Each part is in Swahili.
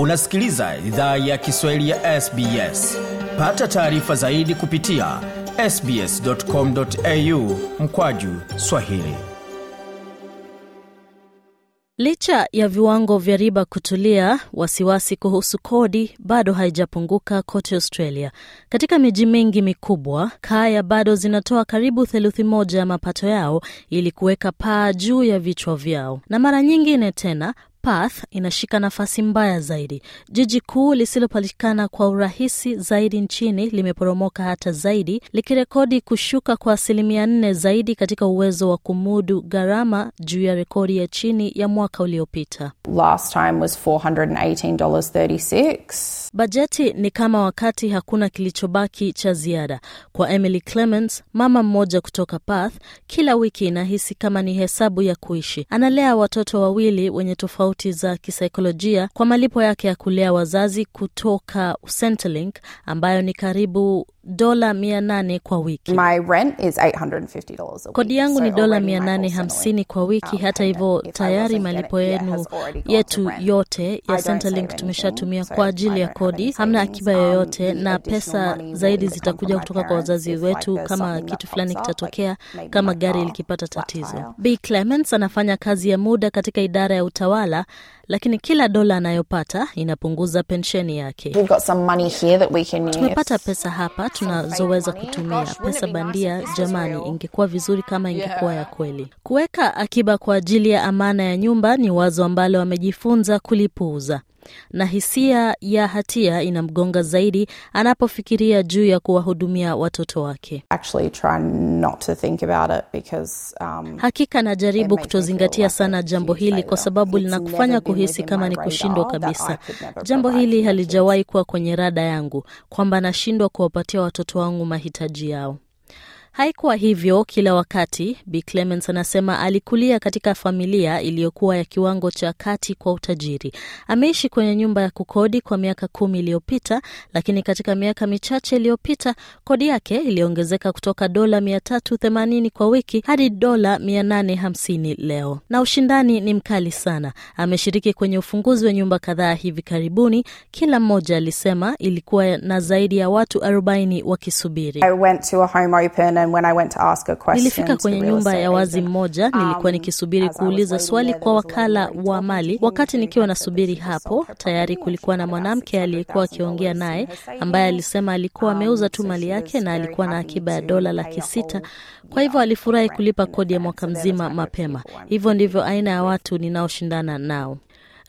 unasikiliza idhaa ya kiswahili ya sbs pata taarifa zaidi kupitia sbscomau mkwaju swahili licha ya viwango vya riba kutulia wasiwasi kuhusu kodi bado haijapunguka kote australia katika miji mingi mikubwa kaya bado zinatoa karibu theluthi moja ya mapato yao ili kuweka paa juu ya vichwa vyao na mara nyingine tena Perth inashika nafasi mbaya zaidi. Jiji kuu lisilopatikana kwa urahisi zaidi nchini limeporomoka hata zaidi, likirekodi kushuka kwa asilimia nne zaidi katika uwezo wa kumudu gharama juu ya rekodi ya chini ya mwaka uliopita. Last time was Bajeti ni kama wakati hakuna kilichobaki cha ziada. Kwa Emily Clements, mama mmoja kutoka Perth, kila wiki inahisi kama ni hesabu ya kuishi. Analea watoto wawili wenye tofauti za kisaikolojia kwa malipo yake ya kulea wazazi kutoka Centrelink ambayo ni karibu dola 8 kwa wiki. My rent is $850 a week. Kodi yangu ni dola 850 kwa wiki. Um, Hata hivyo tayari malipo yenu yetu yote ya Centrelink tumeshatumia kwa ajili ya kodi. Hamna akiba yoyote, na pesa zaidi zitakuja kutoka kwa wazazi wetu kama kitu fulani kitatokea, kama gari likipata tatizo. B Clements anafanya kazi ya muda katika idara ya utawala, lakini kila dola anayopata inapunguza pensheni yake. Tumepata pesa hapa tunazoweza kutumia, pesa bandia. Jamani, ingekuwa vizuri kama ingekuwa ya kweli. Kuweka akiba kwa ajili ya amana ya nyumba ni wazo ambalo wamejifunza kulipuuza na hisia ya hatia inamgonga zaidi anapofikiria juu ya kuwahudumia watoto wake. Um, hakika najaribu kutozingatia sana jambo hili kwa sababu linakufanya kuhisi kama ni kushindwa kabisa. Jambo hili halijawahi kuwa kwenye rada yangu kwamba nashindwa kuwapatia watoto wangu mahitaji yao. Haikuwa hivyo kila wakati. Bi Clemens anasema alikulia katika familia iliyokuwa ya kiwango cha kati kwa utajiri. Ameishi kwenye nyumba ya kukodi kwa miaka kumi iliyopita, lakini katika miaka michache iliyopita kodi yake iliongezeka kutoka dola 380 kwa wiki hadi dola 850 leo, na ushindani ni mkali sana. Ameshiriki kwenye ufunguzi wa nyumba kadhaa hivi karibuni. Kila mmoja alisema ilikuwa na zaidi ya watu 40 wakisubiri. I went to a home open Nilifika kwenye nyumba ya wazi mmoja, um, nilikuwa nikisubiri kuuliza swali kwa wakala wa mali. Wakati nikiwa nasubiri hapo, tayari kulikuwa na mwanamke aliyekuwa akiongea naye, ambaye alisema alikuwa um, ameuza tu mali yake na alikuwa na akiba ya dola laki sita. Kwa hivyo alifurahi kulipa kodi ya mwaka mzima mapema. Hivyo ndivyo aina ya watu ninaoshindana nao.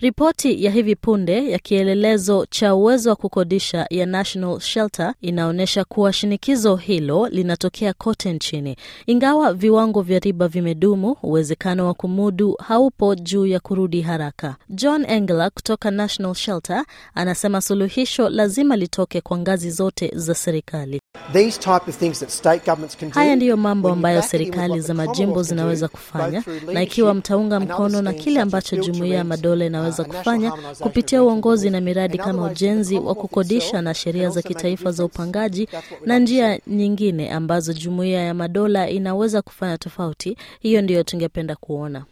Ripoti ya hivi punde ya kielelezo cha uwezo wa kukodisha ya National Shelter inaonyesha kuwa shinikizo hilo linatokea kote nchini. Ingawa viwango vya riba vimedumu, uwezekano wa kumudu haupo juu ya kurudi haraka. John Engler kutoka National Shelter anasema suluhisho lazima litoke kwa ngazi zote za serikali. Haya ndiyo mambo ambayo serikali za majimbo zinaweza kufanya, na ikiwa mtaunga mkono na kile ambacho jumuiya ya madola uh, inaweza kufanya kupitia uongozi na miradi kama ujenzi wa kukodisha na sheria za kitaifa za upangaji na njia nyingine ambazo jumuiya ya madola inaweza kufanya tofauti, hiyo ndiyo tungependa kuona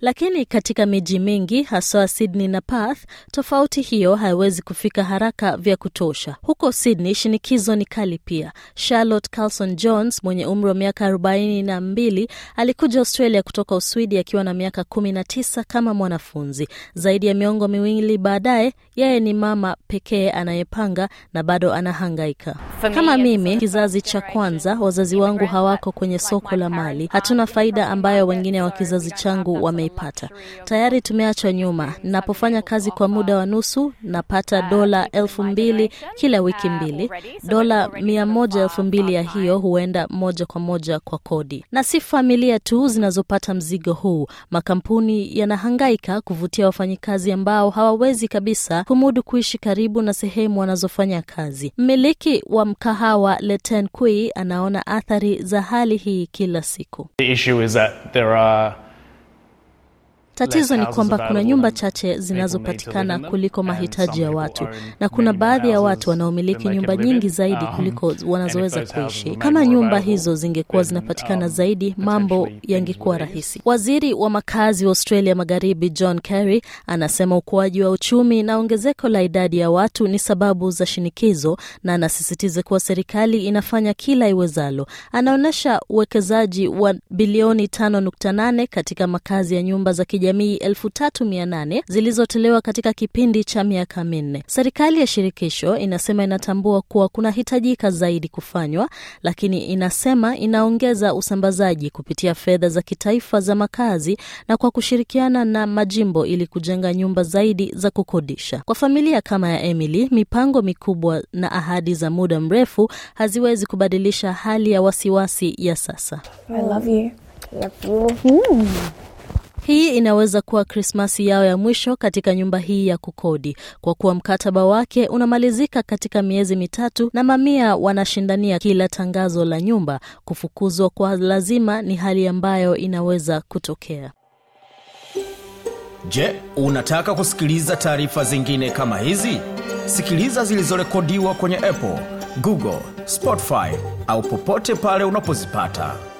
lakini katika miji mingi haswa Sydney na Perth, tofauti hiyo haiwezi kufika haraka vya kutosha. Huko Sydney shinikizo ni kali pia. Charlotte Carlson Jones mwenye umri wa miaka arobaini na mbili alikuja Australia kutoka Uswidi akiwa na miaka kumi na tisa kama mwanafunzi. Zaidi ya miongo miwili baadaye, yeye ni mama pekee anayepanga na bado anahangaika. Kama mimi, kizazi cha kwanza, wazazi wangu hawako kwenye soko la mali. Hatuna faida ambayo wengine wa kizazi changu wameipata. Tayari tumeachwa nyuma. Napofanya kazi kwa muda wa nusu, napata dola elfu mbili kila wiki mbili. Dola mia moja elfu mbili ya hiyo huenda moja kwa moja kwa kodi, na si familia tu zinazopata mzigo huu. Makampuni yanahangaika kuvutia wafanyikazi ambao hawawezi kabisa kumudu kuishi karibu na sehemu wanazofanya kazi. Mmiliki wa mkahawa Leten Kui anaona athari za hali hii kila siku. The issue is that there are Tatizo ni kwamba kuna nyumba chache zinazopatikana kuliko mahitaji ya watu, na kuna baadhi ya watu wanaomiliki nyumba nyingi zaidi um, kuliko wanazoweza kuishi. Kama nyumba hizo zingekuwa zinapatikana um, zaidi, mambo yangekuwa rahisi. Waziri wa makazi wa Australia Magharibi John Kerry anasema ukuaji wa uchumi na ongezeko la idadi ya watu ni sababu za shinikizo, na anasisitiza kuwa serikali inafanya kila iwezalo. Anaonyesha uwekezaji wa bilioni 5.8 katika makazi ya nyumba za kijamii jamii elfu zilizotolewa katika kipindi cha miaka minne. Serikali ya shirikisho inasema inatambua kuwa kunahitajika zaidi kufanywa, lakini inasema inaongeza usambazaji kupitia fedha za kitaifa za makazi na kwa kushirikiana na majimbo ili kujenga nyumba zaidi za kukodisha. Kwa familia kama ya Emily, mipango mikubwa na ahadi za muda mrefu haziwezi kubadilisha hali ya wasiwasi ya sasa. I love you. Love you. Mm. Hii inaweza kuwa Krismasi yao ya mwisho katika nyumba hii ya kukodi, kwa kuwa mkataba wake unamalizika katika miezi mitatu, na mamia wanashindania kila tangazo la nyumba. Kufukuzwa kwa lazima ni hali ambayo inaweza kutokea. Je, unataka kusikiliza taarifa zingine kama hizi? Sikiliza zilizorekodiwa kwenye Apple, Google, Spotify au popote pale unapozipata.